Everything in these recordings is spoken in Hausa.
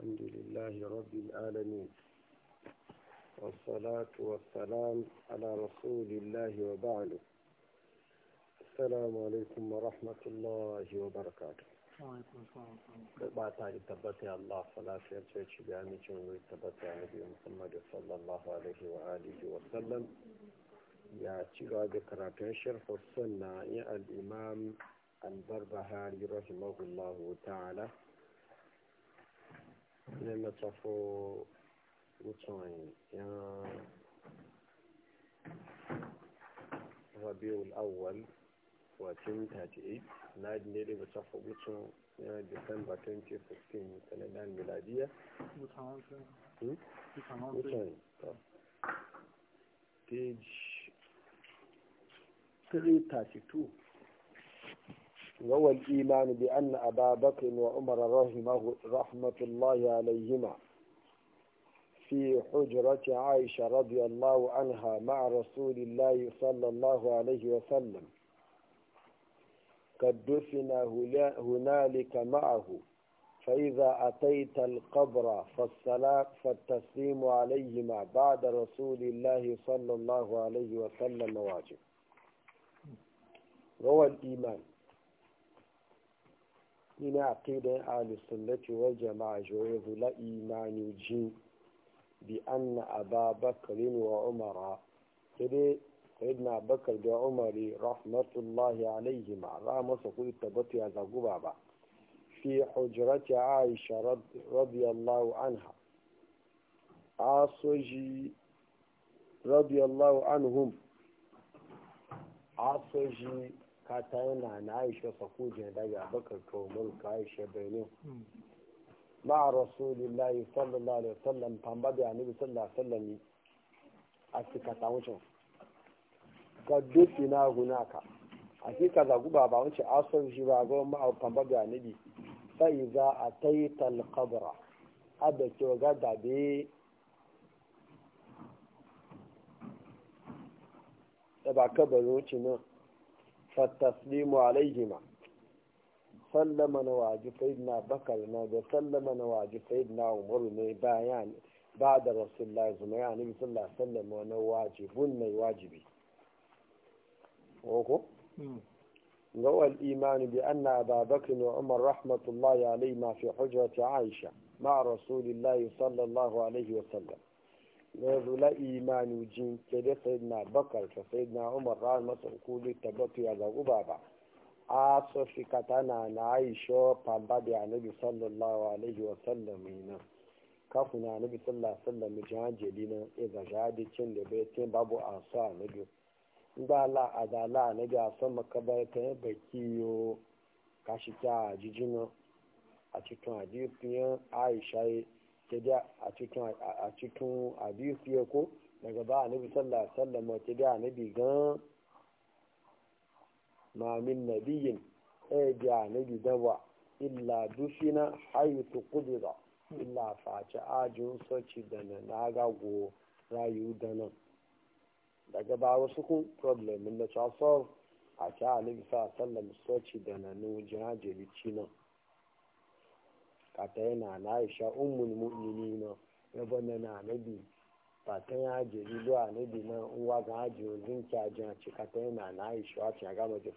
الحمد لله رب العالمين والصلاة والسلام على رسول الله وبعد السلام عليكم ورحمة الله وبركاته السلام تعالي الله صلاة نبي محمد صلى الله عليه وآله وسلم يا تيغا شرح السنة الإمام البربهاري رحمه الله تعالى Let me talk for which one? Yeah, Rabiul Awal, 1438, 1980, which for Which one? Yeah, December 2016, calendar miladiya. Which one? Hmm? Which one? Oh. Page 332. وهو الإيمان بأن أبا بكر وعمر رحمه رحمة الله عليهما في حجرة عائشة رضي الله عنها مع رسول الله صلى الله عليه وسلم قد دفن هنالك معه فإذا أتيت القبر فالصلاة فالتسليم عليهما بعد رسول الله صلى الله عليه وسلم واجب روى الإيمان ina aqida ahlus sunnati wal jama'a jawazu la imani ji bi anna ababakar wa umar kede sayyidina bakr da umar rahmatullahi alaihi ma ra musu ku tabbata ya zagu ba fi hujrat aisha radiyallahu anha asuji radiyallahu anhum asuji kata yana na aisha sakujin daga bakar tomar ka aisha benin hmm. ma rasulillahi sallallahu alaihi wasallam tamba da annabi sallallahu sallami a cikin ta wucin ka dufi na gunaka a cikin za guba ba wuce san shi ba ga ma tamba da annabi sai za a taita alqabra abda ke ga da be da ba kabarin wucin nan فالتسليم عليهما سلم نواج سيدنا بكر نبي سلم نواج سيدنا عمر بيان بعد رسول الله صلى الله عليه وسلم ونواج بن واجبي وكو لو الإيمان بأن أبا بكر وعمر رحمة الله عليهما في حجرة عائشة مع رسول الله صلى الله عليه وسلم na zula imani jin ke da sai na bakar ta na hukuli tabbatu ya zagu baba a sofi katana na aisho pamba da annabi sallallahu alaihi wa sallam ina kafu na annabi sallallahu alaihi wa sallam jihan jelina e ga jadi cin da babu a sa annabi ta da a cikin hadisi ya ko daga ba a nabi sallallahu alaihi wasallam ta da nabi gan ma min nabiyin eh da nabi dawa illa dufina haythu qudira illa faci ajin soci da na nagago rayu da nan daga ba wasu kun problem na ta solve a ta nabi sallallahu alaihi wasallam soci da na nu jajiri cinan kata yana na aisha ummul mu'minina yabo na na nabi fatan ya je na nwa ga aji ozin nke a ci kata na aisha aga ji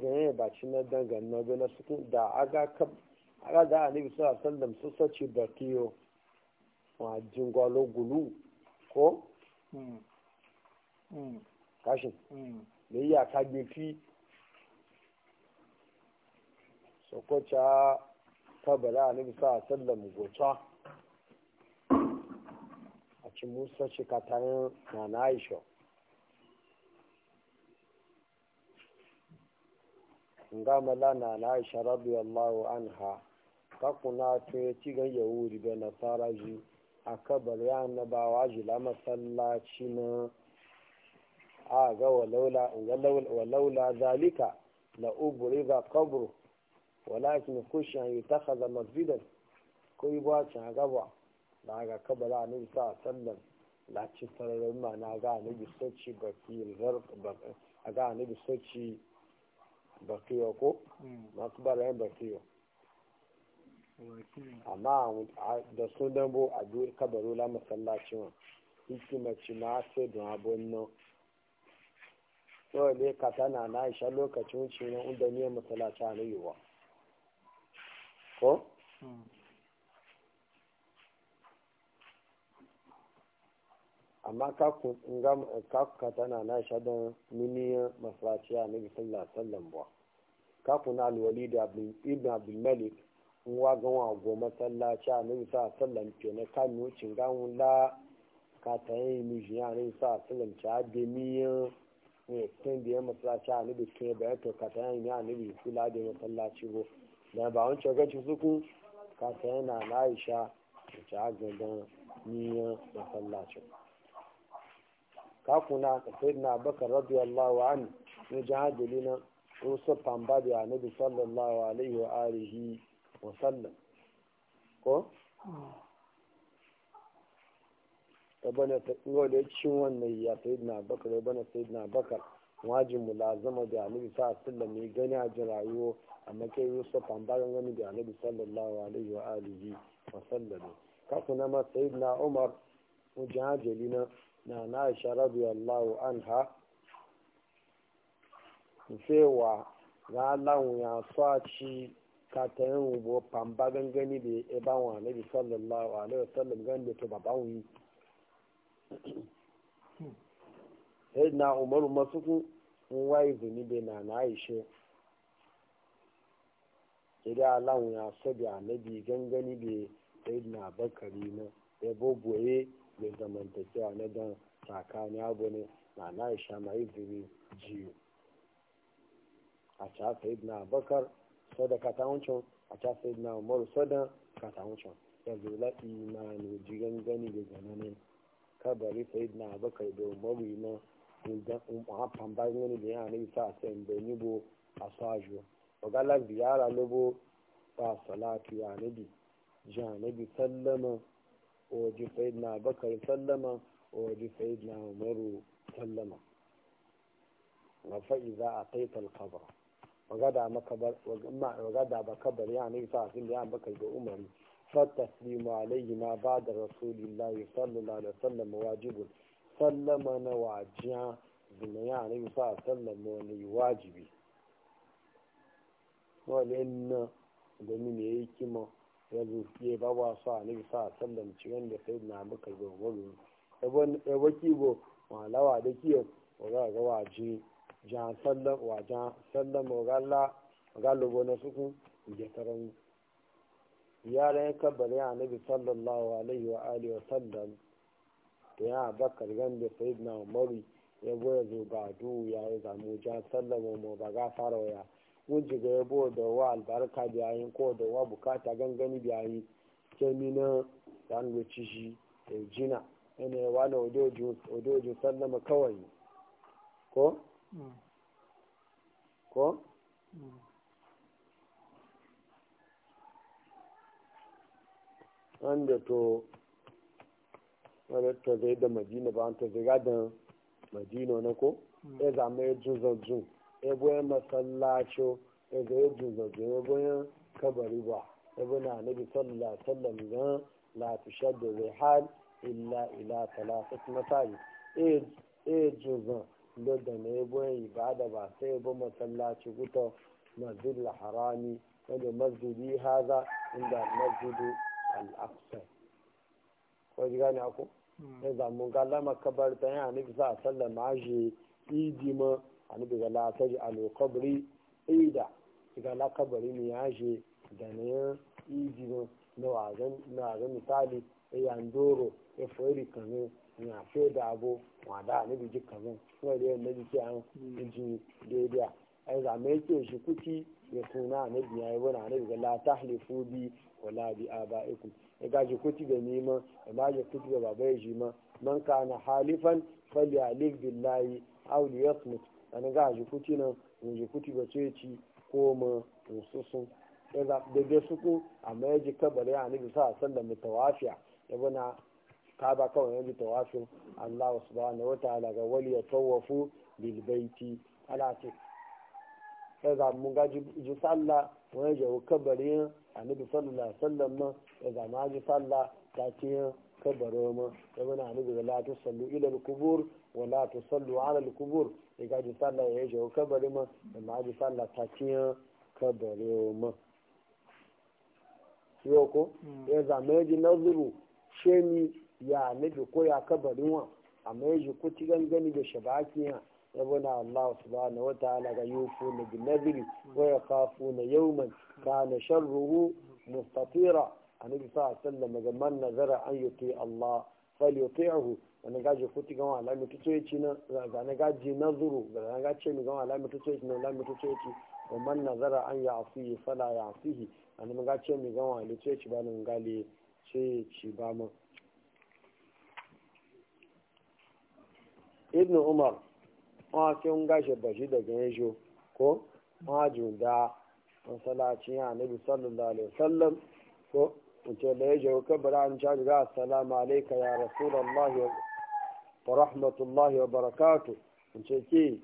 ga eh, na dangan na suku da aga kab aga da anabi sallallahu sọ su sace da jingwalo gulu hmm. Hmm. da yi fi kagefi sokwacha kabara a nufi sa sallan a ci musa shekatarin na na aisha ngamala na na aisha radiyallahu anha kakuna to ya ci gan yahudi da nasara ji a kabar ya annabawa ji la masallaci na a ga walaula zalika la ubri ga kabru walakin kushi an yi takaza masjidan ko yi ba can gaba da ga kabara na isa sallan lacin sararin ma na ga na bisoci baki a ga na bisoci bakiyo ko hmm. masu bara yin bakiyo amma da su dambo a duk kabaro la masallacin wa hikimaci ma sai don abun nan yau ne ka tana na isha lokacin wuce na inda ne masalata na yiwuwa ko? amma ka tana na isha don miniyar masalata ya nabi sallallahu sallam ba ka kuna alwali da ibn abdulmalik nwa wagon wago masallaci a isa sallallahu sallam ke na kan wucin gawun la ka ta yi mijiya nabi sallallahu sallam ta abin ne kan biya masallaci a nabi kan bayar to ka tayan ya bi kula da masallaci go da ba wancan gaci suku ka tayan na Aisha ta agandan niyan masallaci ka kuna ka sayyidina Bakar radiyallahu anhu ne jahadilina rusul pamba da nabi sallallahu alaihi wa alihi wa sallam ko mm. bana wanda cin wannan ya sayi na bakar bana sayi na bakar wajin mulazama da annabi sa sallam ne gani a jin rayuwa a matsayin yusuf an bayan gani da annabi sallallahu alaihi wa alihi wa sallam kaku na matsayi umar wajen na na na radiyallahu anha cewa ga Allah ya saci ka ta yin pamba gangani da wa sai na umaru masuku in waye zuni bai na na aisha idan alawun ya sabi gangan gangani bai sai na bakari na ya boboye da zamantakewa na dan tsakani abu ne na na aisha mai zuni jiyo a ca sai na bakar sadaka ta wancan a ca sai na umaru sadan ka ta wancan yanzu la imanu ji gangani bai zananin kabari sayid na abakar da umaru na hafan bayan wani da yana nabi sa sayan da nibo a sajo ogala biyara lobo ba salatu ya nabi janabi sallama oji sayid na abakar sallama oji sayid na umaru sallama wa fa'iza a taitar kabara wagada ba kabar ya nabi sa sayan da yana abakar da umaru فالتسليم عليهما بعد رسول الله صلى الله عليه وسلم واجب سلم نواجها بنيا عليه صلى الله عليه وسلم ولي واجبي ولأن domin ya yi kima ya zuke ba ba su a nabi sa sallam cikin da sai na maka gwagwaro ya baki bo malawa da kiyo wa ga ga waje jan sallam wa jan sallam wa galla galo na suku da taron yaran ya kabbar ya nabi sallallahu alaihi wa alihi wa sallam da ya bakar gambe sayid na umaru ya ya zo ga du ya yi zamu ja sallama mu ba ga fara waya wuji ga ya boye da wa albarka biyayin ko da wa bukata gangani biyayi kemi na zanwe ci shi da jina yana ya wani odojin sallama kawai ko mm. ko mm. wanda to wani to zai da madina ba wani to zai gadon madina na ko hmm. ya zama ya jun zanzun ya goya masallacin ya zai jun zanzun ya goya kabari ba ya bi na nabi sallallahu sallam na la tushar da zai hal illa ila talafat masari ya jun zan da na ya goya ibada ba sai ya bi masallaci guta masjid harami wanda masjidi haza inda masjidu al'afsar ko ji gane ako hmm. ya zamu gala makabar ta yana nufi sa sallar ma'aji idima a nufi ga lafari alokabri ida ga lakabari ne ya je da na yin idima na wazan misali ya doro ya fori kanu na fe da abu wada a nufi ji kanu kuma da yadda jiki an hmm. ji daidai ai zama yake shi kuti ya suna a nufi ya yi wani a nufi ga la tahlifu bi wala bi aba'ikum ya e gaji kuti ga neman ya ma ya e kuti ga baba ya e jima man kana halifan alif billahi aw yasmut an gaji kuti nan mun ji kuti ba ce ci ko ma mususun ya da da suku amma ya ji kabari a nabi sa sallan mutawafiya ya bana kaba kawai ya ji tawafin Allah subhanahu wa ta'ala ga wali ya tawafu bil baiti ala ce sai da mun gaji ji sallah wani jawo kabarin annabi sallallahu alaihi wasallam ma ya zama ji salla ta ce kabaro ma ya bana annabi da la sallu ila al-qubur wa la sallu ala al-qubur ya gaji salla ya je kabari ma ya ma ji salla ta ce kabaro ma yoko hmm. ya zama ji nazuru shemi ya nabi ko ya kabari wa amma ya ji ko ci gangani da shabakiya yabona الله سبحانه wa يوفون بالنذر ويخافون na binaziri شره ya kafu na yawman kana sharruhu mustatira annabi sa sallam ga man nazara an Allah wani gaji kuti gama alami tutoyici na zane gaji nazuru zane gaji mi gama alami tutoyici na alami tutoyici wa man nazara an ya asihi fala ya asihi wani gaji mi ci ba ce ci ba ma. ibnu umar wọn fi ń gaṣe bàṣí daga ya ko maju da masalacin ya nabi sallallahu alaihi wasallam ko mace da ya jawo kabara an ca ga assalamu alaika ya rasulullahi wa rahmatullahi wa barakatu mace ke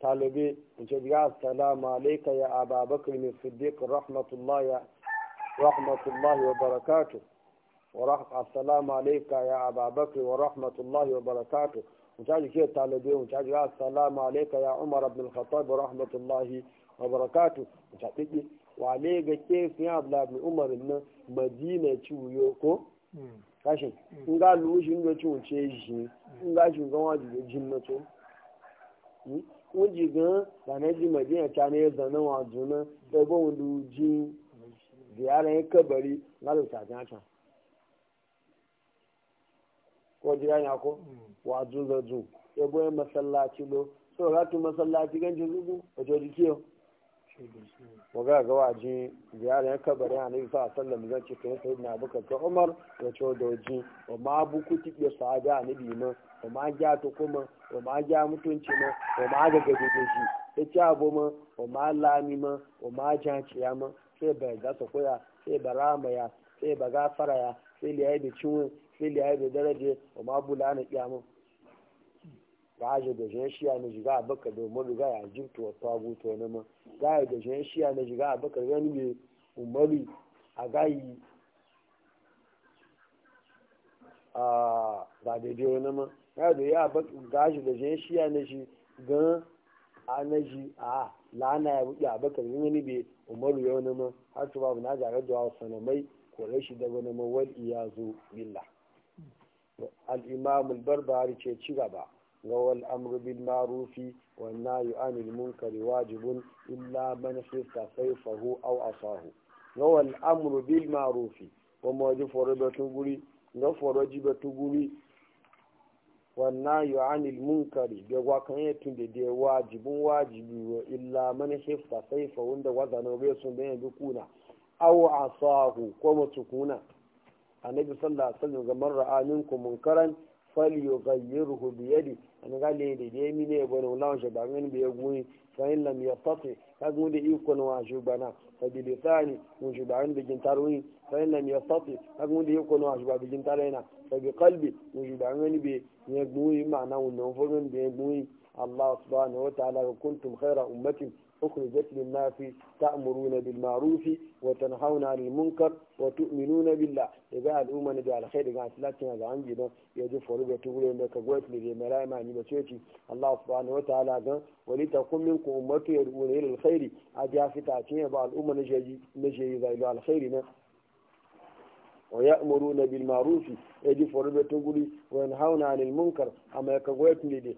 talibi mace ga assalamu alaika ya ababakar mai siddiq rahmatullahi rahmatullahi wa barakatu wa rahmatullahi wa barakatu misali ke talibai misali ya salamu alaika ya umar ibn al-khattab rahmatullahi wa barakatu misali wa ne ga ke sun yi abla ibn umar madina ko hmm. kashin hmm. in hmm. ga lushi inda ciwo ce shi in ga shi gan da jin na to kun ji gan da na ji madina ta ne zanen wa juna da ba wani ji ziyarar ya kabari na da ta ko jira ya ko wazu da zu ya boye masallaci lo so o tu ratu masallaci ganci zugu wato jiki yau waga ga waji ziyarar kabari a nabi sa sallam zan ce kai sai na buka ka umar wato da waji wa ma bu kuti ya sahabi a nabi ma wa ma ja to kuma wa ma ja mutunci ma wa ma ga gaje shi ya ci abu ma wa ma lami ma wa ma ja ciya ma sai ba ga koya sai ba ramaya sai ba fara ya sai liyayi da ciwon sai ya yi bai daraje wa ma bula na kyamun ga aje da jan shiya na jiga a baka domin riga ya jirtu wa taguto na ma ga aje da jan shiya na jiga a baka gani mai umaru a gayi a ga daidai wani ma ya yi da ya ga aje da jan shiya na shi gan a na shi a lana ya buɗe a baka gani mai umaru ya wani ma har su babu na jarar da wasu sanamai kore shi da wani ma wal zo billah al’imam barbari ce ci gaba ga wal amru bil marufi wanna yu'anil munkari illa man hifta saifahu aw asahu ga wal ma waji foro ba tuguri ga foro ji ba tuguri wanna yu'anil munkari ga ya tunde de wajibun wa illa man hifta saifahu da wazana bai sun bayan bi kuna aw asahu ko mutukuna annabi sallallahu alaihi wasallam ga marra ra'a minkum munkaran falyughayyirhu bi yadi an ga le de de mi ne bono lawo je ba ngani be gumi fa in lam yastati ka gumi de iko no bana fa bi lisani mun ju ba an bi tarwi fa in lam yastati ka gumi de iko no ajuba bi gintarena fa bi qalbi mun ju ba ngani be ne gumi ma na wono fo ngani be gumi Allah subhanahu wa ta'ala kuntum khayra ummatin أخرجت للناس تأمرون بالمعروف وتنهون عن المنكر وتؤمنون بالله إذا الأمة نجعل خير عن هذا عندي جدا يجب فربة تقول إنك قويت لجمالا ما نبتشيتي الله سبحانه وتعالى ولتقوم منكم أمة يدعون إلى الخير أجا في تعتين بعض الأمة نجي إذا إلى الخير ويأمرون بالمعروف يجب فربة تقول وينهون عن المنكر أما يكويت لذي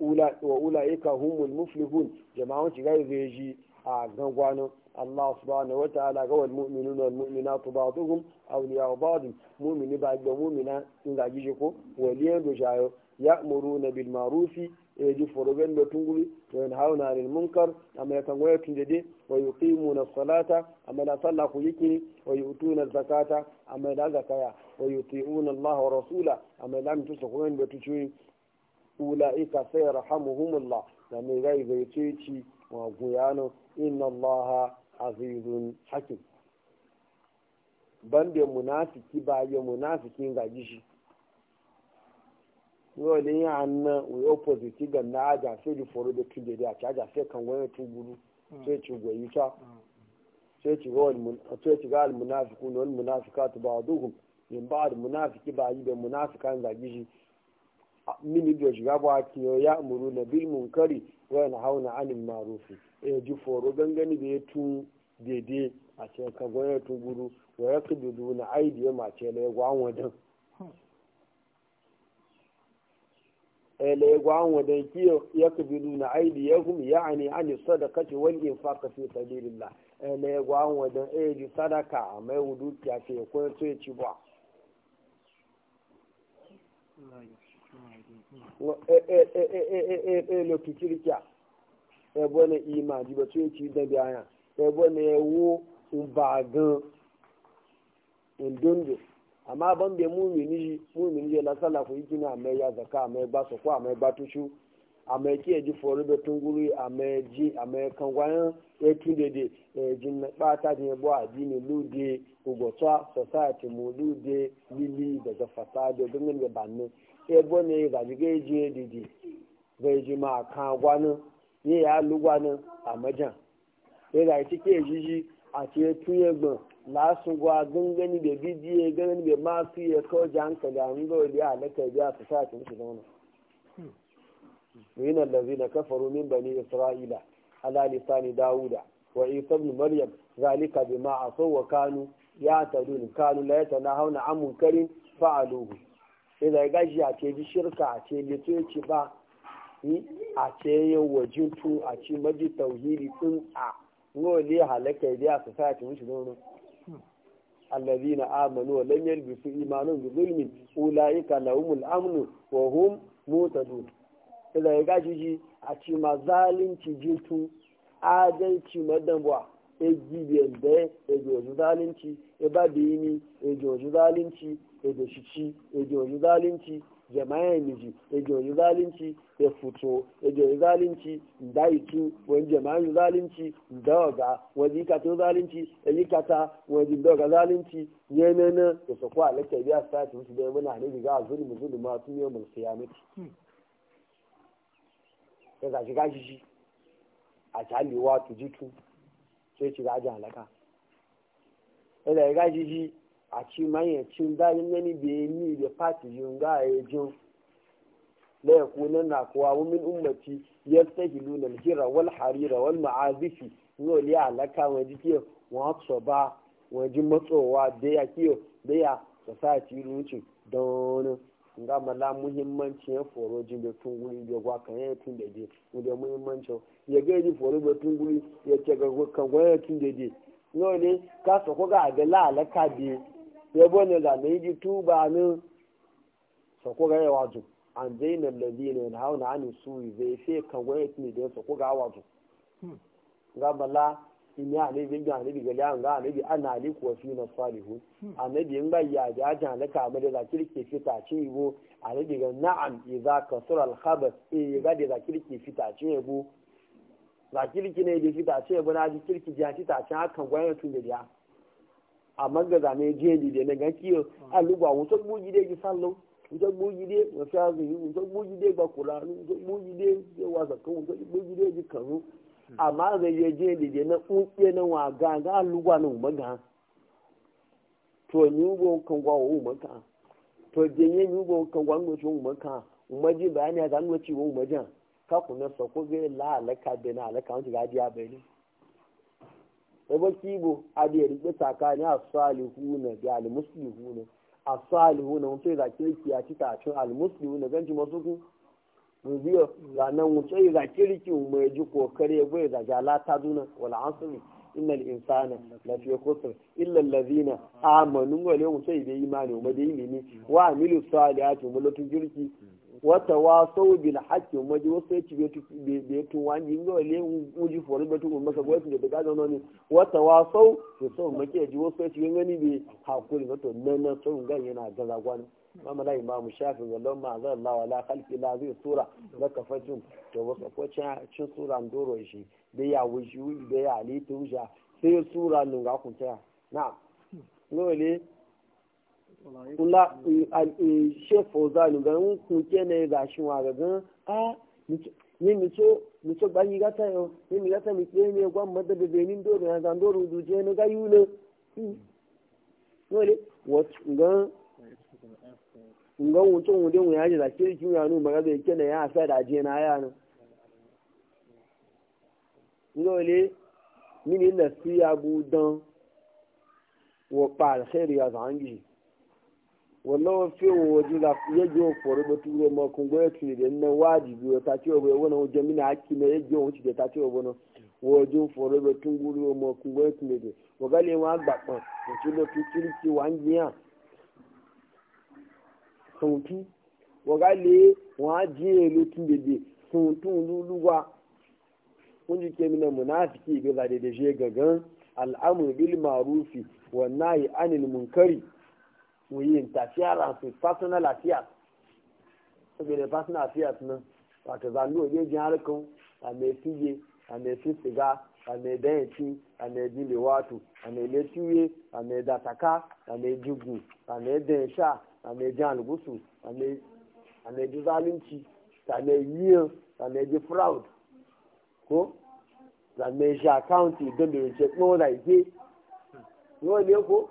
wa ula'ika humul muflihun jama'un shiga zai ji a gangwano Allah subhanahu wa ta'ala ga wal mu'minuna wal mu'minatu ba'dhum awliya'u ba'd mu'mini ba mu'mina in ga gije ko waliyan do jayo ya'muruna bil ma'rufi e ji forogen do tunguri to en hauna lil munkar amma ya kangoya tunjede wa yuqimuna salata amma la salla ku yiki wa yu'tuna zakata amma la zakaya wa yuti'una Allah wa rasula amma la mutusu ko en do tuchi ula'ika sai rahamuhumullah da mai rai bai ce ci wa guyano inna allaha azizun hakim bande munafiki ba ya munafiki ga gishi ya hannu we opposite ga na aja sai foro da tuje da ta aja kan ga sai ci ga almunafiqun wal munafiqatu munafiki ba yi mini da shiga ba ya amuru na bil munkari wa na hauna anin marufi e eh, ji foro gangani da ya tun daidai a ce ka goya tun guru wa ya kududu na aidi ya mace na ya gwan wadan e eh, la ya gwan wadan ya kududu na aidi ya hum ya ani ani sadakati wal infaq fi sabilillah e eh, la ya gwan wadan e ji sadaka mai wudu ya ce ko sai ci ba Thank you. Eh, eh, eh, lo kikirikia ebo ne ima jibo tso eti dan bi aya ebo ne ewo mba gan ndondo amma ban be mu mi ni mu mi ni la sala ko yiki na me ya zaka me ba so ko me ba tushu ame ki eji fori be tunguru ame ji ame kangwayan etu dede ejin na pata ni bo adini lude ugotwa society mu lude lili daga fasade dungen be banne ebo ne gaji ga eji edidi bai ji ma kan gwanin ye ya lu gwanin a majan ya ga iti ke jiji a ce tunye gbin lasun gwa gangani da bidiye gangani da masu ya kawo ji hankali a nuna wali a laka biya su sa ta musu zauna وإن الذين كفروا من بني إسرائيل على لسان داوود وعيسى بن مريم ذلك بما عصوا وكانوا يعتدون كانوا لا يتناهون عن منكر فعلوه sai da ga shi a ce bi shirka a ce lito yake ba a ce yin wajin tun a ce maji tauhiri tun a ngole halaka ya biya su sa ta mishi nono alladina amanu wa lam yalbisu imanun bi zulmi ulaika lahumul amn wa hum mutadun sai da ga shi a ce ma zalunci jitu adalci madanwa ejibiyar da ejoju zalunci ebabiyini ejoju zalunci ejo shici ejo yi zalunci jama'a miji ejo yi zalunci ya fito ejo yi zalunci da itu wani jama'a yi zalunci da waga wani ikata zalunci da ikata wani da waga zalunci da kwa alaka biya sati musu da yamma ne riga a zulmi yi mun ya gashi shi a calewa tujitu sai ci gajin halaka ya gashi shi àti mayẹ̀ tí ń dáyé ngẹ́ni pati ní ìdè pàtì yìí nga àyè jẹun lẹ́ẹ̀kú nínú àkó àwọn mi ńmọ̀ tí yẹ sẹ́yì lu ní wọn di wọn di wa déyà kíyọ̀ déyà sọsáàtì rúùtù nga mala ya foro da ya gwa kan ya tun da je mu da ya ga ji foro da tunguri ya ce ga kan gwa ya tun da je no ne ka so ko ga ga la alaka yabo ne da mai ji tuba min sako ga yawa zu an zai na lazi ne na hauna an su zai fe kan gwai ne da sako ga yawa zu hmm. ga bala in ya ne bi ga ne bi ga lan ga ne bi ana li kuwa fi na salihu hmm. annabi in ba ya ja a na ka mai da kirke fita ce go annabi ga na'am idza kasura al khabath e ga da kirke fita ce go la kirki ne da fita ce go na ji kirki ja fita ce kan gwai tun da ya amma ga zane jiya jide na gan kiyo alugba wuto gbogi de ji sallo wuto gbogi de wafi azumi wuto gbogi de gba kuranu wuto gbogi de ge wasa kan wuto gbogi de gi kanu hmm. amma ga je jiya jide na unke na wa ga ga alugba na umaga to ni ugo kan gwa wo umaga to je ye ni ugo kan gwa ngo chun umaga umaji bayani ga ngo chi wo umaja ka kuna sako ge la alaka be na alaka wuti ga dia be ni ba kibo a da yarige tsakanin ne da salihu asalihuna mutum za kirki ya ci tashin almuslihuna ganci masu ku rubiyo ranar yi za kirki mai ji kokare ya bai da jala ta zuna wala asali inna al-insana la fi khusr illa allazina amanu wa lam yusayyid imani wa da wa amilu salihati mulatun kirki wata waso bil haqqi maji wasu yaci be to wani ngo le uji fori be to masa go da daga zo ne wata waso sau so make ji wasu yaci ngani be hakuri ba to nan na sau ngan yana gaza gwani mama la imam shafi wallan ma za Allah wala khalqi la zai sura da kafajin to wasu ko cin sura ndoro shi da ya wuji da ya ali tuja sai sura nun kun taya na'am ngo le kula eh, eh, she fozanu ga n kunke ne ga shi wa ga gan a ni mi so mi so gbanyi gata yo ni mi gata mi ni egwa mmada bebe ni ndoro hmm. ya ga ndoro udu je ne ga yule nwere wat ngan ngan wuto wunde wun yaji da ke ki ya nu maga be kene ya afa da je no ngole mini na si abu dan wo pa alheri ya wallawa wa waje da ya ji wa fori ba ture ma kun goya tuni da nan wajibi wa ta cewa bai wani wajen mina haƙƙi na ya ji wa wuce da ta cewa bana wajen fori ba tun guri ma kun goya tuni da wa gale ma gbaɓa wa ci da tu kirki wa an jiya sautu wa gale wa jiya lutun da bi sautu luluwa kun ji ke mina munafiki ga zade da shi gagan al'amur bil marufi wa nahi anil munkari with interference with personal affairs saboda personal affairs nan wato zanu oye jin harkun a mai fiye a mai fi siga a mai dayanci a mai jile wato a mai letuye a mai dataka a mai jigu a mai dayansha a mai jin algusu a mai ji zalunci a mai yiyan a mai ji fraud ko a mai shi account don da rince kuma wadda ike yau ne ko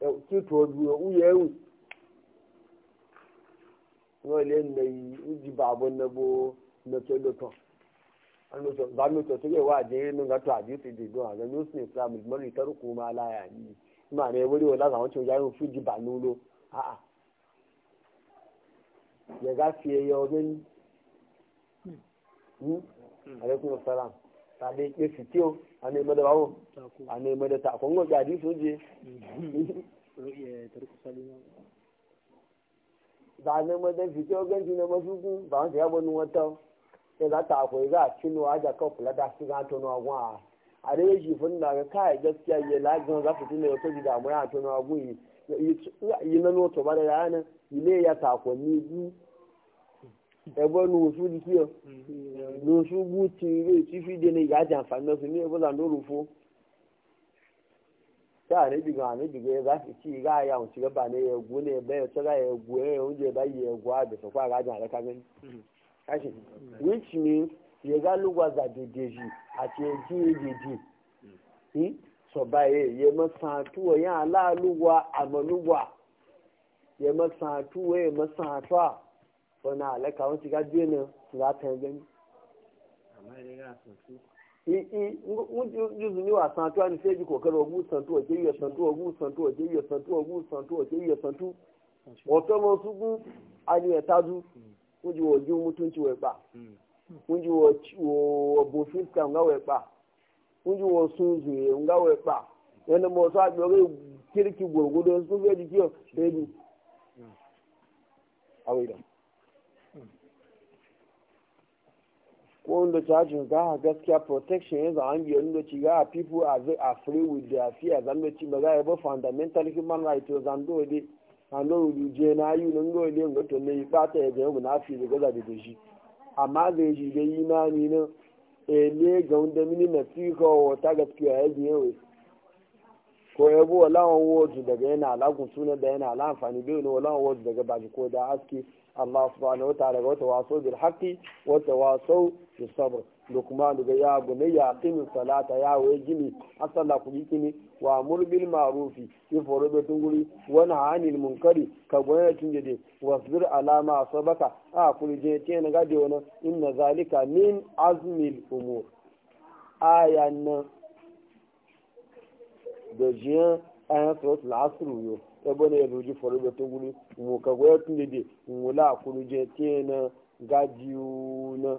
na ọdún òwúyẹ ẹ̀wù wọ́n lé nà yìí ìjì bàbọ̀ nàbó nàtọ́ lọ́tọ̀ zanutọ̀ tó yẹ wá àjẹyẹ nínú gàtọ̀ àdìyẹ ti dìgbò àgbẹ̀ ní oṣù islam mọ́rin ìtọ́rù kù máa láyà yìí nígbà rẹ̀ wọlé wọlé àwọn tí ó yára fún ìjì bàánú ló yẹ ká fi ẹyẹ ọdún ní. aleykum salaam. tàbí pé fìtí o àní ìmọ̀dé wa o àní ìmọ̀dé ta àkóńgò bí àdìsí ó jẹ. bàánú ìmọ̀dé fìtí ó gẹ́ǹtì ní ọmọ fúnkún bàánú ti yàgbọ́n ní wọ́n tán ìgbà tá àkó ìgbà àtinú ajá kan kò ládàá sí ká tónú ọgbọ́n à. àdéhùn fún nígbà rẹ káà ìjọ sí ayé lágbọn láfìtí ní ọtọ́ gidi àmọ́ yà tónú ọgbọ́n yìí yìí lọ́nà ọ̀tọ̀ bá dẹ̀ ẹgbẹ́ nu oṣù di kí ọ mm. nu oṣù bú ti ilé tí fídíò ní ìyá àjàǹfà náà sí ní ẹgbẹ́ lànà òrùfó tí àrẹ́bì gan àrẹ́bì gan ẹgbẹ́ àti ìyá àyà òun ti rẹ́bà ní ẹgbù ní ẹgbẹ́ ẹ̀tọ́ra ẹgbù ẹ̀ oúnjẹ báyìí ẹgbù àgbẹ̀sọ̀kọ́ àgájà rẹ̀ kágẹ́ni. which means yẹ̀gá ló wà zàdèdèjì àti ẹjú e èjèjì e mm. hmm? sọ̀bà ẹ̀ e, yẹ̀mọ́ sàn àtúwọ̀ yẹn aláàlúwà àmọ́lúwà yẹ̀mọ́ sàn àtúwọ̀ yẹ̀mọ́ sàn àtúwà. wani alaka wani shiga biyu ne su za ta gani ii juzu ni wa santu ani sai ji kokaro gu santu o jeyo santu o gu santu o jeyo santu o gu santu o jeyo santu o to mo sugu ani etaju wo ju mutunci we pa kunji wo wo bo fiska nga we pa kunji wo sunzu nga we pa yana mo so agbe re kirki gurgudo sun ve ji kiyo sai ji ko wanda cajin ga a gaskiya protection yanzu an biya wanda ci ga people are free with their fear zan ba za a fundamental human rights zan do a na yi nan go ne ga to ne ba ta yaje mu na fi daga da da shi amma da yi da yi na ni eh, e ne ga wanda mini na fi ko ala amfani bai daga baji ko da aski fi sabr lukman ga ya gune ya qimu salata ya waye gimi asalla ku gimi wa amur bil ma'rufi ki foro be tunguri wa nahanil munkari ka gune tinje de wasbir ala ma asabaka a ku je te na gade wona inna zalika min azmil umur ayan da jiyan ayan suratul asr yo ebe ne ruji foro be tunguri mu ka gwaya tinje de mu la ku je te na gadiu na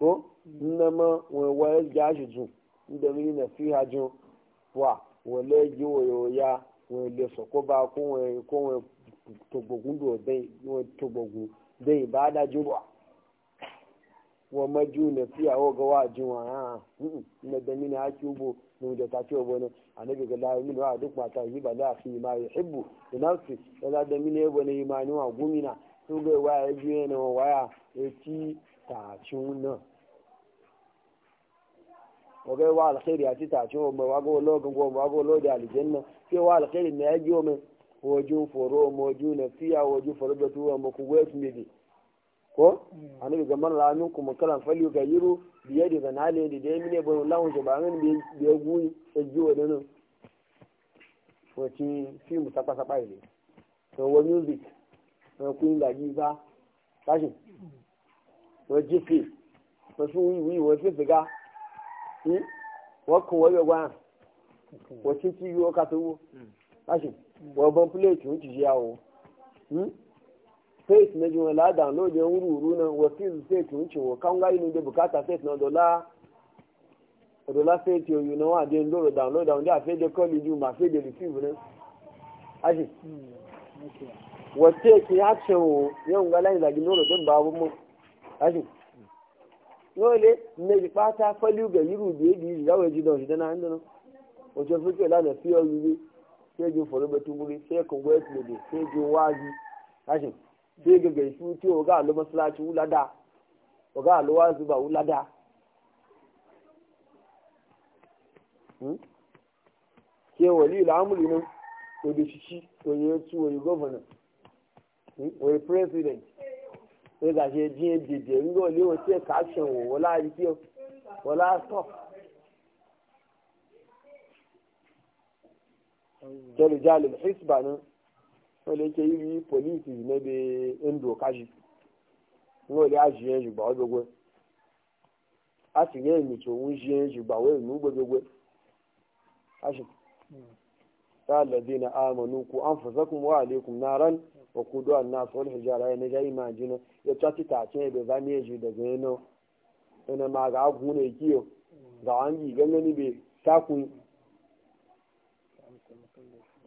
ko nnama wọn wọ ẹgbẹ aṣojú ndẹmi na fi ha jọ wa wọn lé yí wọyọ ya wọn lè sọkọ bá kó wọn kó wọn tọgbọgún dùn ọdẹyìn wọn tọgbọgún dẹyìn wa wọn na fi àwọn wa jù wọn hàn ndẹmi na aṣọ bò ní ọjọ tàbí ọbọ náà gẹlẹ ayé nínú àdókùn yìí ìnáfi na na na tó wáyà ẹbí wọn wáyà tààtún náà ọ̀gá wa alkhairi àti tààtún ọmọ wàgó ológun ọmọ wàgó olóde àlìjẹ́n náà kí wa alkhairi ní ẹjọ́ omi ojú fòrò ọmọ ojú náà fíyà ojú fòrò bẹ̀tú ọmọ kò wẹ́ẹ̀ tún bèbè ko anabi gaman lamin kuma kalan fali ga yiro biye da zanale da da mine bon lawon je ba ngani biye guyi sajiyo da nan fim wa music to wọ́n jí fi wọ́n fi wíwí wọ́n fi sìgá wọ́n kún wọ́n yọ wá wọ́n ti ti yọ ká tó láti wọ́n bọ́n pílẹ̀tì ń tìṣe àwọ̀ faith méjì wọn ládàá lóde ń rú náà wọ́n fíìlì ń tì wọ́n káwọn gáyé ní ibi bùkátà faith náà dọ̀lá ọ̀dọ̀lá faith òyìn náà wọ́n àdé ńlọrọ̀ download àwọn dé àfẹ́jẹ́ kọ́ọ̀lì ju mà fẹ́jẹ́ receive náà láti hmm, wọ́n take action wo yẹ́n ń gbá láyìn ìlàjì lọ́rọ̀ tó ń bá wọn mọ́. aṣù yóò lé méjì pátá fọ́lí ugẹ̀ yírù bí èdè yìí láwọn èjì náà ṣùgbọ́n náà ń dáná òjò sókè lánàá sí ọ̀rù yìí séèjì fọlọ́bẹ túnbúrí séèkùn west lèdè séèjì wáyé aṣù séèjì gẹ̀gẹ̀ ìṣú tí ọ̀gá àlọ́ e gbà ṣe dín dèdè ńlọ ní wọn tí ẹ̀ka ṣàn wò wọ́n láàyè tọ̀. jẹ́rìí jáde hisba wọ́n lè ṣe ibi pòlíìsì níbi ndo kájú wọ́n lè àṣì yẹn ṣùgbọ́n gbogbo àṣì yẹn nìtò ń ṣe yẹn ìlú gbogbo hmm. وقودوا na والحجارة ينجي ما جنو يتواتي na بذاني يجي دزينو ina ma ga agwuna ikiyo ga wangi gangani bai takun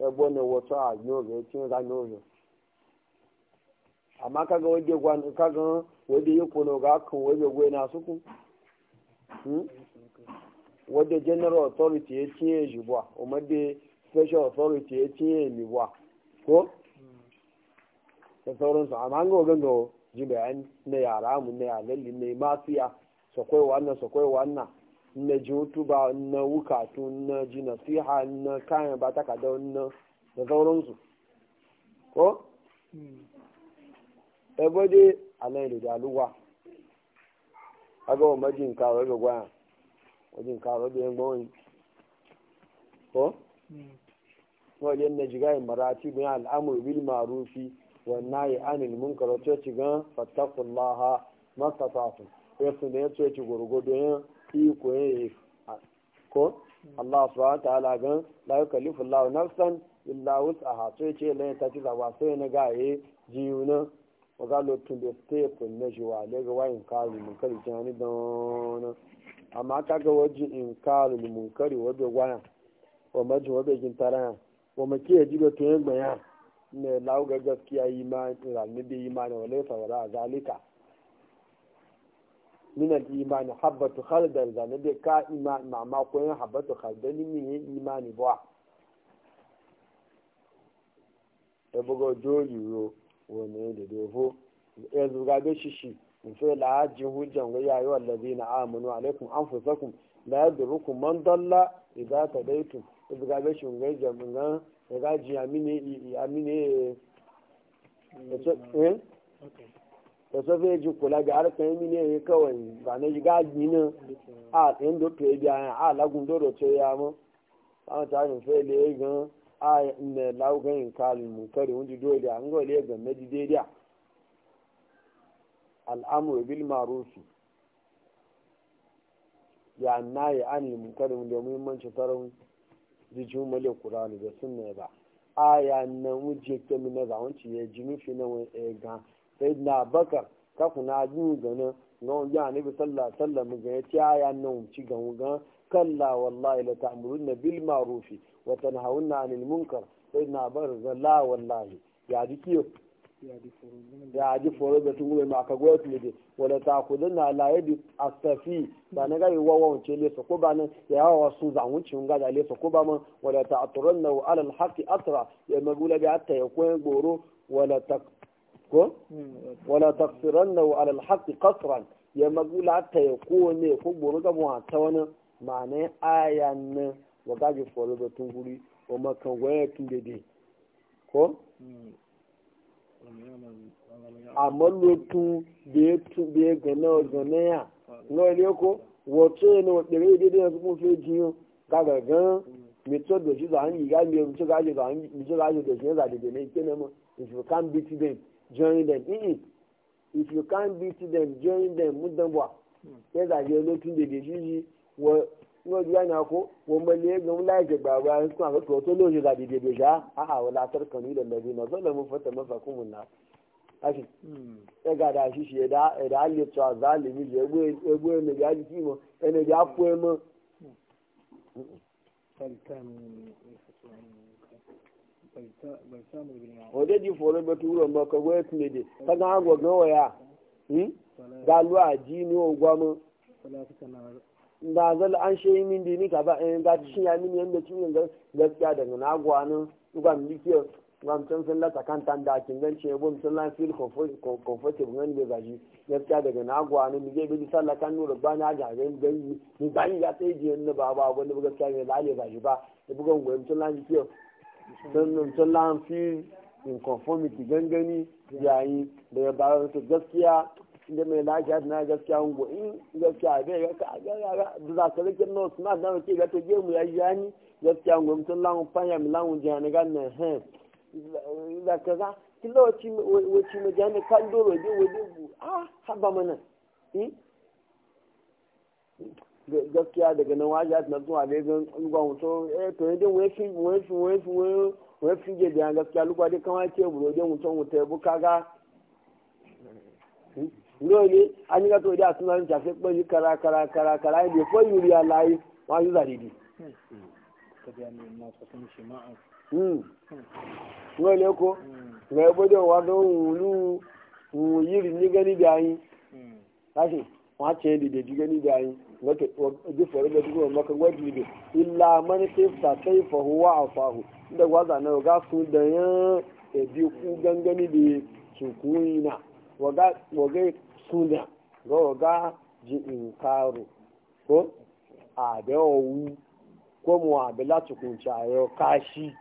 ebo ne wato a yau ga yakin za ni amma kaga wanda gwan kaga wanda ya kono ga kan gwe na suku hmm? wanda general authority ya e cinye shi ba umar special authority e ni e ko da sauransu amma an gawa gangawa ji bayan na yara mu na yalalli na mafiya sakwai wannan sakwai wannan na ji hutuba na wukatu na ji nasiha na kayan ba takarda na da sauransu ko? Hmm. ebe dai a nan da aluwa aga wa majin kawo ga gwaya majin kawo ga yan gbawon ko? Hmm. wajen na jigayen marati bin al'amur bil marufi wanna ya anil munkar wato ci gan fattakullaha mastata'tum yasu ne yace ci gurgudu yan iko ko Allah subhanahu wa ta'ala gan la yukallifu Allah nafsan illa wus'aha to yace la ta ci zawa sai na gaye jiyuna waga lotun da step na jiwa le ga wayin kalu mun kari jani don amma kaga waje in waje gwaya ne lauga gaskiya yi yi zalmi imani wale laifa a zalika min al-imani habbatu khaldal zalmi bi ka imani ma ma ko yin habbatu khaldal min imani ba e bugo joji ro wani da defo ya zuga be shishi in sai la hajji hujjan ga yayi wallazina amanu alaikum anfusakum la yadrukum man dalla idza tadaytum e zuga be shungai jami'an ẹ̀ka jí àmìnì ẹ̀sọ́ fẹ́ ju kò lágbà e, na, ẹ̀mí ní ẹ̀yẹ kọ̀wé ìbànújẹ́ gáàjì biya àtẹ̀yìn lókè ẹ̀bí àlágùn lọ́rọ̀ tó yá mọ́ àwọn táwọn ìfẹ́ lè gan àìnà láwùgán nǹkan àlùmùkẹ́rì oúnjẹ dóòdì e à ń e gọ̀ lé ẹ̀gbọ̀n méjì déédé à al'amuru bil marufi ya nayi an muhimmancin rijin kurani da sun sunna ba aya na wuce ke mina za wanci ya ji nufi na wani eh, ga sai na bakar ka kuna ji gani na wani ya nufi sallah sallah mu ga ya ci aya na wuce ga wuga kalla wallahi la na bil ma'rufi wa tanhauna 'anil munkar sai na bar la wallahi ya ji kiyo ya ji foro da tungu ma ka goyo tuli wala ta ku dan na la yadi astafi ba na gai wawa wance le so ko ba nan ya hawa wasu za mun cin ga le so ko ba man wala ta aturanna ala al haqi atra ya magula ga atta ya ko goro wala ta ko wala taqsiranna ala al haqi qasran ya magula atta ya ko ne ko goro ga mu ta wani ma'ana ayan nan wa gaji foro da tunguri o makan waya tun ko amma lotu da ya da ya gana gana ya nawa ko wato ya na wadda rai daidai na kuma fiye jiyo kaga gan mito da shi za hangi ga mai mito ga shi za hangi mito ga shi da shi za da da ne ke nema if you can beat them join them in if you can beat them join them mudan bwa ya za je lotun da wọ́n hmm. e e e di àná kó wọ́n mọ ilé gan láì jẹ gbàgbà ẹ̀kún àkókò tó lóye la dìde bèjà àhà wọ́n la tẹ́rẹ̀ lẹ́bí náà sọ́lẹ̀ mo fẹ́ tẹ̀mọ́ kún mu nà. láti ẹ gàdá ẹ̀dá ẹ̀dá lè tọ́ àzá lè mi ẹgbẹ́ ẹnẹ̀dì á di kí mọ ẹnẹ̀dì á kú ẹ mọ. òde di fòrò bẹ da zal an shayi min dini ka ba in ga cin ya min yanda cin yanda gaskiya daga na gwanin ga ke ga mutum sun lata kan da kin gan ce bu mutum lan feel comfortable ngan da gaji gaskiya daga na gwanu mi ge bi sallah kan nuru ba na ga gan gangi ni ba ni ga sai je ne ba ba wani gaskiya ne lale gaji ba da bugan goyi mutum lan mikiyo sun mutum lan feel in conformity gangani yayi da ya ba gaskiya da mai lafiya na gaskiya ungo in gaskiya bai ga ka ga da za ka rike no suna da ke ga to gemu ya yani gaskiya ungo tun lawo fanya mi lawo jani ga nan he da ka ga kin da wace wace mu jani kan doro je waje a haba mana eh gaskiya daga nan waje na zuwa ga gan ungo to eh to ne din wefi wefi wefi wefi je da gaskiya lugwa dai kamar ce buro je mutum mutai bu kaga hm? anyị anyigba tó di asúná ní ìjàfẹ́ pẹ̀lú kàràkàràkàrà ẹ̀dẹ̀ kara ìrírí aláyé wọn á yúzà dìdì. wọ́n lé kó ǹgbà ẹ̀ gbọ́dọ̀ ọ tó wùlú wù yìrì nígẹ́ níbi ayín láti wọ́n ndị tiẹ̀ dìde dìgẹ́ níbi dị sunya gawa ga ji nkaru karo ko a da wu ko mu a bela tukunci a yau kashi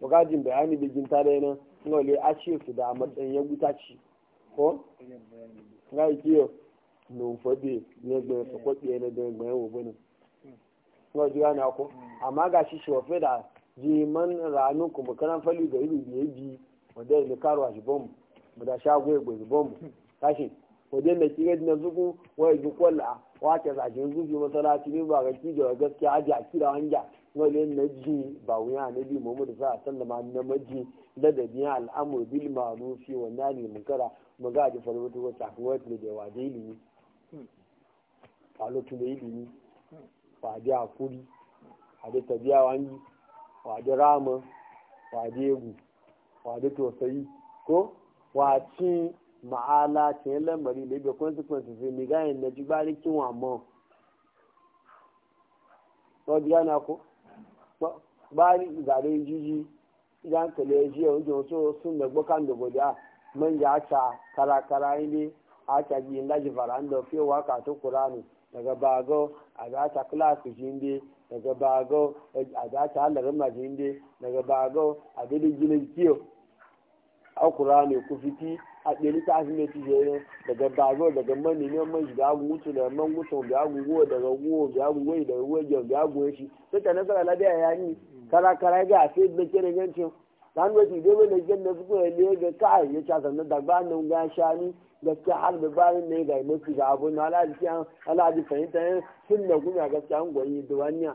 bukajin bayani bigin tare nan suna le a ce su da matsayin ya guta ci ko ga ikiyo numfabe ne gbe su kwaɗe na da gbe yawon bane suna ji gane ako amma ga shi shi wafe da ji man ranar kuma kanan fali ga irin biye bi wadda ya karo a shi bomu da shago ya goyi bombu kashi dai da kire na zugu wai yi kwalla wa ke sashe zuki masalaci ne ba ga kijo gaskiya aji a kira hanja ne na ji ba wuya na bi muhammadu sa a sallama na maji da da biya al'amur bil ma'rufi wa nani munkara mu ga ji farwata wa takuwar da ni waje ilimi kalotu da ilimi akuri a wade tabiya wani wade rama wade egu wade tosayi ko wacin ma'ala ce lamari da ibe consequences ne gayin na jibari kinwa mọ́ wọ́n yá náà kó bá rí ìgbàre yíyí ìdáǹkẹ̀lẹ̀ ẹjí ẹ̀ oúnjẹ tó súnmọ̀ gbọ́kàndògbòdì à mọ́njà àṣà kárakára ilé àṣà yìí ńlájì fàràǹdọ̀ fí wà tó kóra nù àṣà kíláàsì ń dé àṣà ń dé akura ne ku fiti a ɗari ta fi mai tije daga bazo daga mani ne mai shiga agu mutu daga man mutu ga agu go daga go ga agu wai daga wajen ga agu shi sai ta nasara labiya ya ni kara kara ga a sai da kere ta dan wajen dai wani gan da suka yi ne ga ka ya ta zanna da ba nan ga shani gaskiya har da bayan ne ga yi mafi ga abu na alaji fahimta yin sun da gumi a gaskiya an goyi duwaniya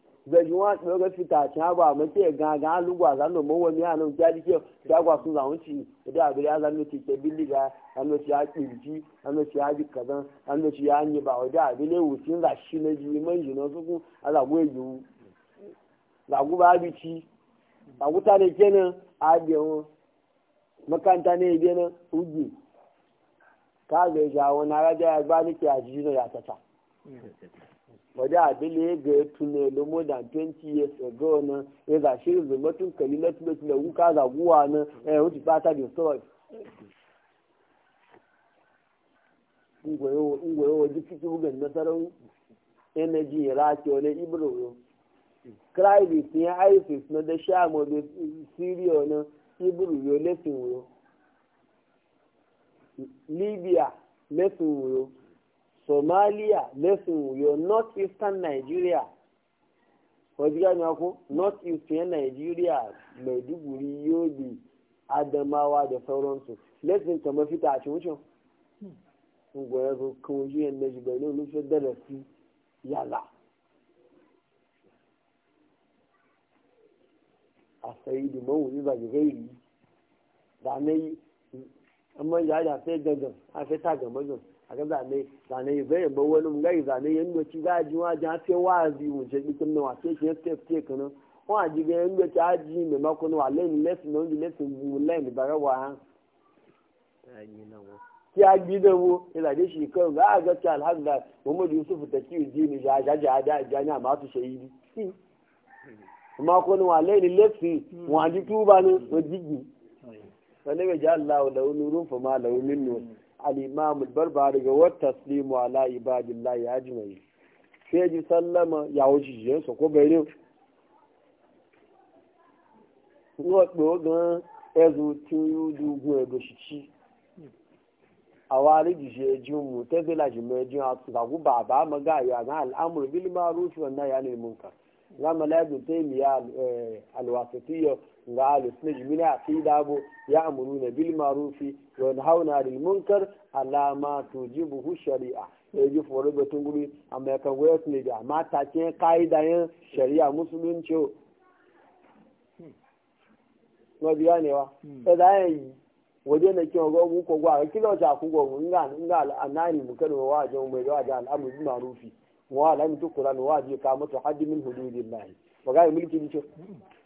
gbẹ̀jú wọn àti ọgọ́ fi tààtì àgbà àmọ́tẹ́ gangan alúgbò a mọ́wọ́ ní àná tí adíkẹ́ dágbà fún àwọn tí ìdí àbẹ̀rẹ̀ àzánù ti tẹ̀ bílí ga àná tí a pè jí àná tí a di kàdán àná tí a nyìnbà ọ̀dẹ́ àbẹ̀lẹ̀ wò sí ńlá sí lẹ́jú mọ́ ìyìnà a alàgbò èyí wò làgbò bá bi tí àwùtá ni jẹ́ náà àgbẹ̀ wọn mọ́kántá ni ìdí náà ó gbè káàgbẹ̀ ìjà àwọn arájá agbá ní kí àjíjú náà yàtọ̀tà. wadda abin ga ya tune da 20 years ago na ya za shi rizu matun kali na tulo eh, tulo wuka na ya wuce fata da story ndị wa duk cikin bugan nasarar energy ya rake wani ibro crisis ya isis na da sha na ibro yo lesin wuro libya lesin wuro somalia lẹ́sìn yọ north eastern nigeria ọjọ́ ni wọ́n kún north eastern nigeria maiduguri yobe adamawa da sauransu lẹ́sìn kama fita a cikin ngwa ya zo kan wajen yan naji bai nan nufin darasi yala a sayi da mawuni ba da gairi da na yi amma ya da sai gagan aka zane zane zai ba wani ngai zane yan doci ga ji wa ja fe wazi mu je bikin na wa ke ke step ke kana wa ji ga yan doci aji me ma kono wa len les na ji les mu len ba ga wa ki a gi mu wo ila de shi kan ga ga ta alhamdulillah Muhammad Yusuf Takiyu ji ni ja ja ja da ja na ma su shahidi ma kono wa len les wa ji tuba ne wa jigi sanne ga ja Allah da nurun fa ma launin nurun al'imam barba daga wata slimu ala ibadillah ya ji mai sai ji sallama ya wuce jiyarsa ko bai ne wato gan ezu tun yi dugun ego shici a wari jishe ji mu ta zila ji mai ji a tsagu ba ba ma ga ya ga al'amur bil ma'ruf wannan eh, ya ga alusna jimina fi ya amuru na bil marufi wa yanhauna anil munkar ala ma tujibuhu shari'a e ji foro guri amma kan goya ne da ta ce yin shari'a musulunci wa biya ne wa da waje na kyau ga mu ko gwa kila ta ku go mun ga mun ga anani mu wa wajen mai ga al'amu bil marufi wa lam tukran wa ji ka min hududillah wa ga mulki ni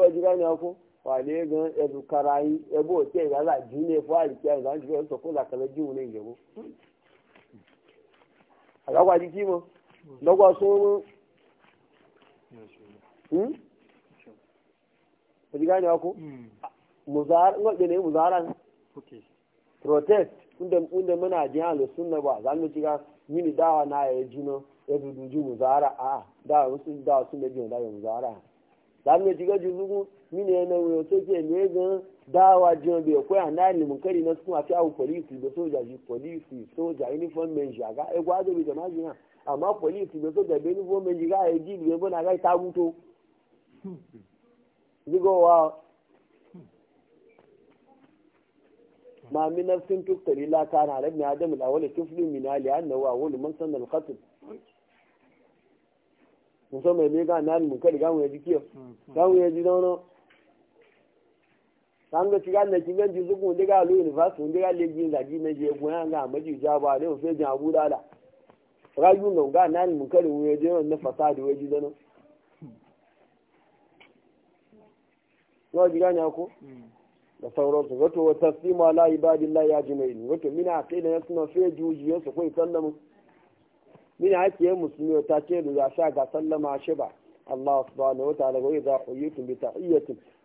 yóò jí gánà ọkọ wà lé gan ẹbù kara yín ẹbù òtí ẹ̀yà là jù ní ẹ̀fọ́ àlìkí àwọn àwọn jùlọ sọ fún làkàlẹ̀ jíwò ní ìyẹ̀wò. àlọ́kọ̀ àti kí mọ́ lọ́kọ̀ sún mọ́ òtí gánà ọkọ mùsàárà ní protest inda muna jin halu sunna ba za mu mini dawa na ya muzara a dawa musu dawa muzara samu jiga juzugu mini yana wuyo soke ne gan dawa jiyan bai kwaya na limunkari na suna fi awu polisi da soja ji polisi soja uniform mai shi aga ai e gwazo bai jama'a jiyan amma polisi da soja bai uniform mai shi ga ai e ji bai bana ga e ta mutu zigowa ma min nafsin tuktari la kana alabni adamu alawala tuflu min ali annahu awwalu man sanna al-qatl musamman ya mega na alimun kada gamu ya ji kiyo gamu ya ji nono sanga ci gan na ci gan ji zuku ndi ga lu university ndi ga leji la ji na je gwa ga maji ja ba le fe jan abu da la rayu nga ga na alimun kada mu ya je na fasadi wa ji nono wa ji ganya ko da sauransu wato wa taslimu ala ibadillahi ajmain wato mina kai da na suna fe yansu kai sallamu min hakiyar musulmi ta ce da za sha ga sallama shi ba Allah subhanahu wa ta'ala wa idza huyitum bi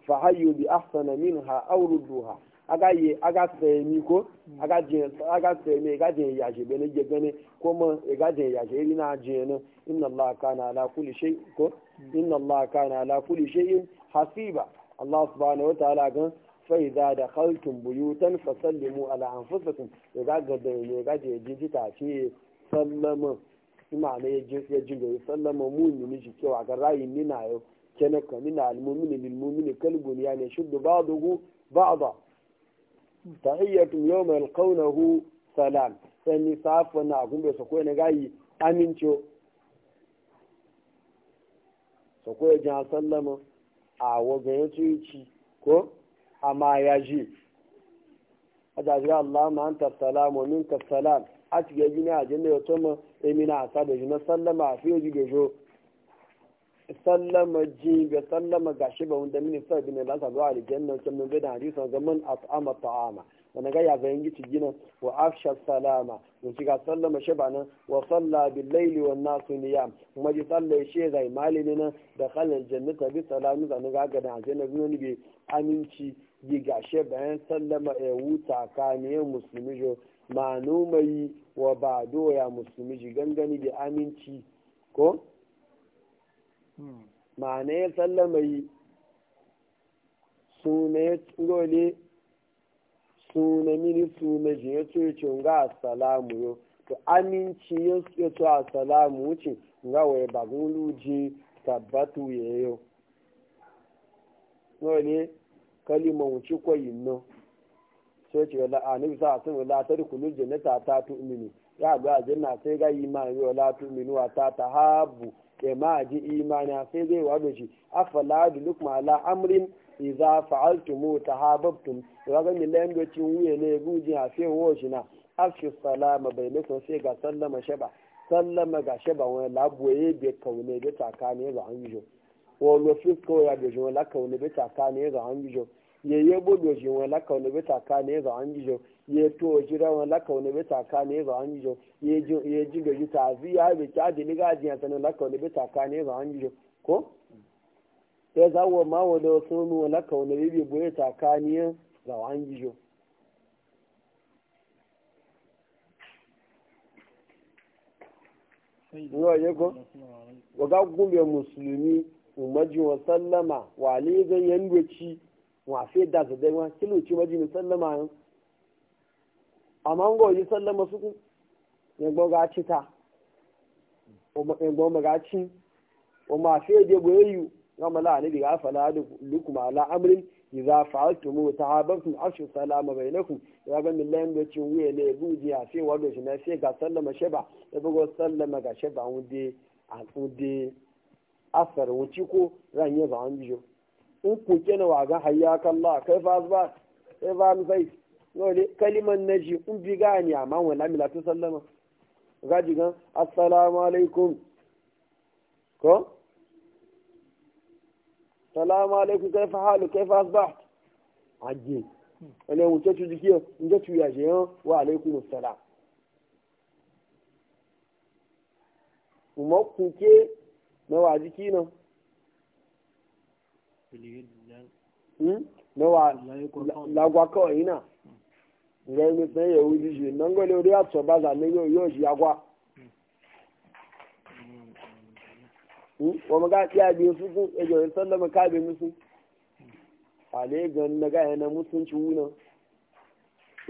fa ahsana minha aw rudduha aga ye aga tsemi ko aga je aga tsemi ga je ya je bene je bene ko mo ga je ya je ina je ne inna Allah kana ala kulli shay ko inna Allah kana ala kulli hasiba Allah subhanahu wa ta'ala fa dakhaltum buyutan fasallimu ala anfusikum ga ga da ga je ji ta ci sallama ima na ya jinga ya sallama ni shi wa ga rayin ni yau kenan ka nina almumini kal kalbun ya ne shuddu ba'dahu ba'da tahiyatu yawma yalqawnahu salam sai ni safa na gumbe sa ko ne gayi amincho sa ko ya jan sallama a waga ya ci ko amma ya ji a ajaji Allah ma anta salam minka salam a cikin a ajin da ya tuma emina a sada shi na sallama a fiye jiga jo sallama ji ga sallama ga shi ba wanda mini sa bin Allah zuwa aljanna kan nan da hadisi ga man at'ama ta'ama wanda ga ya bayan gici gina wa afsha salama mun ci ga sallama shi ba nan wa salla bil layli wan nas niyam kuma ji salla shi zai malini nan da khalal jannata bi salamu zan ga ga da aljanna ne bi aminci ji ga shi bayan sallama e wuta kaniyar musulmi jo ba mai wa ba doya musulmi ji gangani da aminci ko? ma'ana ya sallama yi suna ya tsirole suna mini suna ji ya ce ce nga asalamu yau to aminci ya ce asalamu wuce nga wai bagun luji tabbatu ya yau. Nole kalimawuci kwayin nan. sai ce wala anabi sa sun wala ta rikunu jannata ta tu'minu ya ga janna sai ga imani wala tu'minu wa ta tahabbu e ma ji imani sai zai wado shi afala dulukum ala amrin idza fa'altum tahabbtum ya ga mi do cin wuye ne guji a fe wo shi na afshi salama bainakum sai ga sallama shaba sallama ga shaba wani labuye be kaune be takane ga an yijo wolo ko ya be jo la kaune be takane ga an ye ye bodo shi wani laka wani bita ka ne za an jijo ye to ojira wani laka wani bita ka ne za an jijo ye ji da ta ya bi ta ji ni gaji ya sanin laka wani bita ka ne za an ko ya za wa ma wa da wasu wani laka wani bibi boye ka za an ya ko wa fi da su dai wa kilo ci waje mai sallama yan amma an goyi sallama su ne gboga ci ta ne gboga ga ci o ma fi je da boyayyu ga mala ne ga fala da lukuma ala amrin idza fa'altum tahabbtum ashu salama bainakum ya ban min lain da cin wuya ne zuciya sai wa da shi na sai ga sallama sheba da bugo sallama ga sheba wunde a wunde asar wuci ko ran yi ba an biyo in kuke na ga hayyaka Allah kai fa ba sai fa mu sai dole kaliman naji in bi gani amma wala milatu sallama gaji gan assalamu alaikum ko salamu alaikum kai fa halu kai fa asbaht aje ele mu tacu dikiyo inda tu ya je wa alaikum assalam kuma kuke na wajiki nan lọ́wọ́ làgbákọ̀ yìí náà ǹjẹ́ ẹni pé yẹ̀ wú jíjì nọ́ngọ́lẹ̀ orí àtọ̀ bàtà ní yóò ṣe agbá. wọ́n ká kí àgbẹ̀ sunkún ẹjọ́ ìsọ́lọ́mọ káàbẹ̀ musu àlẹ́ gan nàgá yẹn na musu ń ṣubú náà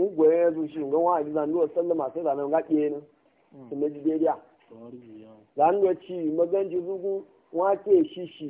ń gbọ́ yẹn tó ṣe nǹkan wọn àdìsá ní ọ̀sọ́lọ́mọ àti ìsànà ńgá kí yẹn náà ìmẹ́jì déédéà. lánàá ci mọ́gánjì sunkún wọ́n á ké ṣíṣì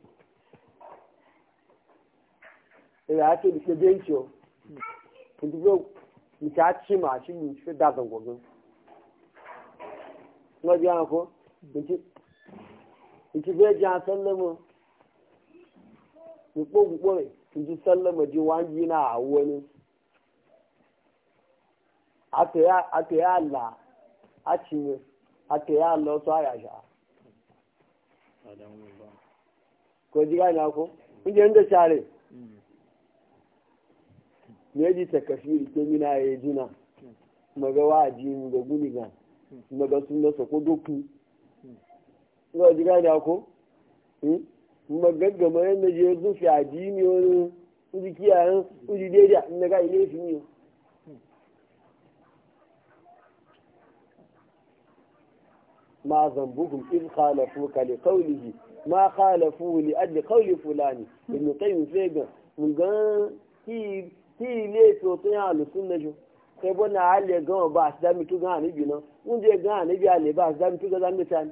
ìrẹ̀ àti ìbísẹ̀ bẹ́ńkì ọ̀ ìdúró ìta tí màá sí ní ìfẹ́ dàgbà gbọ̀ngàn wọ́n jẹ́ àwọn kan ìtìfẹ́ jẹ́ àtọ́lẹ́mọ̀ nípò ji rẹ̀ ìjú sọ́lẹ́mọ̀ ndị wá ń yí náà àwọ̀ ni àtẹ̀yà àlà àtìwẹ̀ àtẹ̀yà àlọ́ tó àyàṣà kò jí ká ìnáwó meji ta kafiri ke mina ya yi jina maga waji ga guniga maga sun da sako doku ga ji gani ako magaggama hmm? yadda je zufi a ji jini wani uji kiyayen uji daidai inda ga ile fi ne ma zambuhum in khalafu ka li qawlihi ma khalafu li ajli qawli fulani ibn qayyim fegan mun ga ki tí ilé ètò tó yàn àlùsùn mẹjọ kẹbọ náà á lè gan ọba àṣìdámi tó gan àníbi náà oúnjẹ gan àníbi àlèbá àṣìdámi tó gan àníbi tani.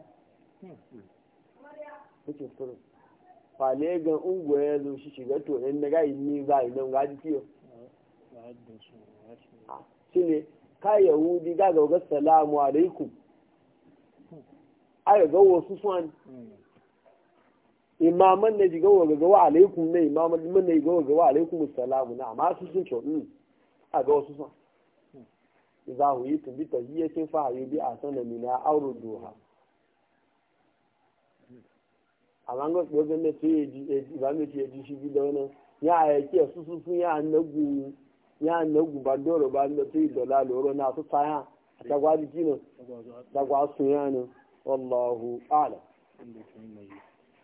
pàlẹ́ gan ńgbọ̀ ẹ lọ ṣiṣẹ́ gẹ́tò ẹ̀ nẹ́gà yìí ní ibà ìlú ọ̀gá dídí o. sílẹ̀ káyọ̀wù bí gàgà ọ̀gá sàlámù àlẹ́kùn ayọ̀gá wọ fúnfún àná. imaman na jiga wa gagawa alaikum na imaman man na jiga wa gagawa alaikum assalamu na amma su sun kyau hmm, a ga wasu sun hmm. za hu yi tun bita yi yakin fahayi bi a sanar na auren doha amma ga tsogon na sai ba mai ce ji shi bi da wani ya a yake su sun sun ya annagu ya annagu ba doro ba na sai dola loro na su tsaya a tagwaji kinan tagwasun yanin wallahu alam